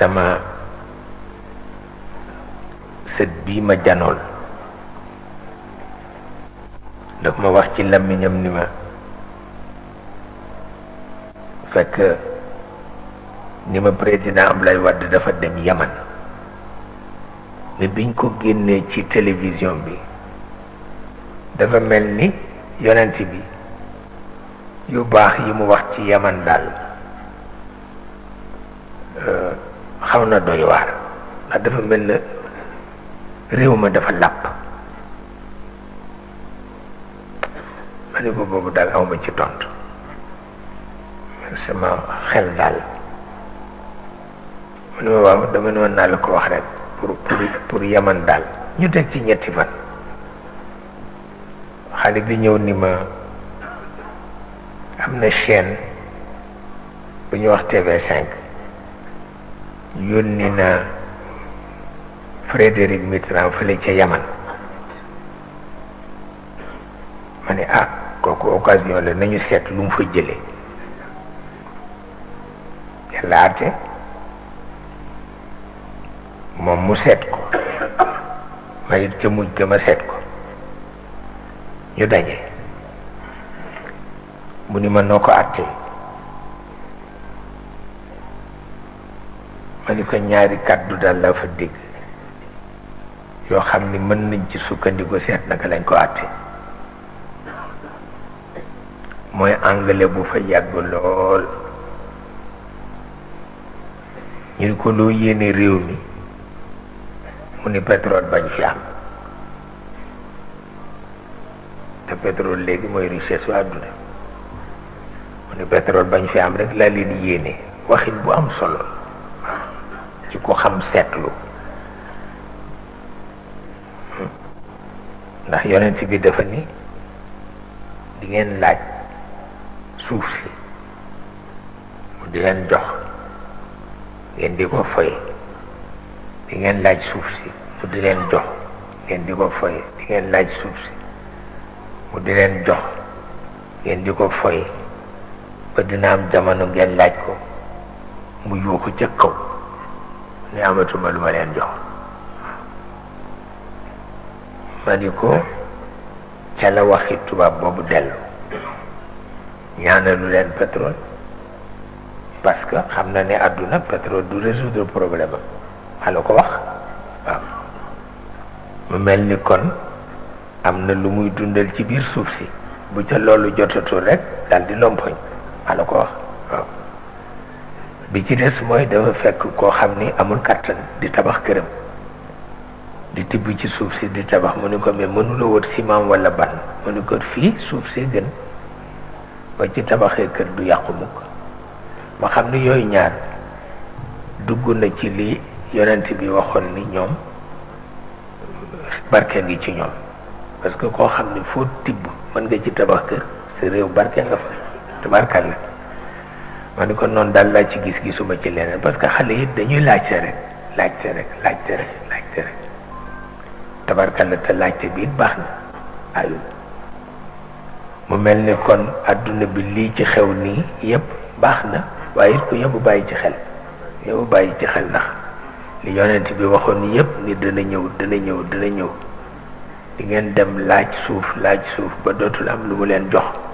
sama set bii ma janool daf ma wax ci lamiñam ni ma fekk ni ma président lay Wade dafa dem Yaman mais biñ ko génnee ci télévision bi dafa mel ni yonent bi yu baax yi mu wax ci Yaman daal xaw na doy waar ndax dafa mel na réew ma dafa làpp ma ni ko boobu daal awma ci tontu sama xel daal mu ma waaw dama ne woon naa la ko wax rek pour pour pour daal ñu teg ci ñetti fan xale bi ñëw ni ma am na chaîne bu ñu wax tv yónni na Frédéric Mitterrand fële ca Yaman ma ne ah kooku occasion la nañu seet lu mu fa jële yàlla ate moom mu seet ko ma it ca mujj ma seet ko ñu daje bu ni ma noo ko àttee ma ni ko ñaari kaddu daal laa fa dégg yoo xam ni mën nañ ci sukkandiku seet naka lañ ko àtte mooy anglais bu fa yàgg lool ñu ni ko loo yéene réew mi mu ni pétrole bañ fi am te pétrole léegi mooy richesse su àdduna mu ni pétrole bañ fi am rek laa leen yéene waxit bu am solo ci ko xam seetlu ndax yonent bi dafa ni di laaj suuf si mu di leen jox ngeen di foy di ngeen laaj suuf si mu di leen jox ngeen di ko foy di ngeen laaj suuf si mu di leen jox ngeen di ko foy ba dina am jamono ngeen laaj ko mu yuuxu ca kaw ne amatuma lu ma leen jox ma ni ko ca la waxi tubaab boobu dellu ñaanalu leen pétrole parce que xam na ne àdduna pétrole du résoudre problème xala ko wax waaw mu mel ni kon am na lu muy dundal ci biir suuf si bu ca loolu jotatul rek dal di lompoñ xala ko wax waaw bi ci des mooy dafa fekk koo xam ni amul kàttan di tabax këram di tibb ci suuf si di tabax mu ni ko mais mënula wot ciment wala ban mu ni ko fii suuf see gën ba ci tabaxee kër du yàqu mukk ma xam ni yooyu ñaar dugg na ci li yonant bi waxoon ni ñoom barke ngi ci ñoom parce que koo xam ni foo tibb mën nga ci tabax kër sa réew barke nga fa tabarkal la ma ni ko noonu daal laa ci gis-gisuma ci leneen parce que xale yi dañuy laajte rek laajte rek laajte rek laajte rek tabarkalla te laajte bi it baax na ayu mu mel ni kon àdduna bi lii ci xew nii yëpp baax na waaye it ku yóbbu bàyyi ci xel yóbbu bàyyi ci xel ndax li yonent bi waxoon yëpp ni dana ñëw dana ñëw dana ñëw di ngeen dem laaj suuf laaj suuf ba dootul am lu mu leen jox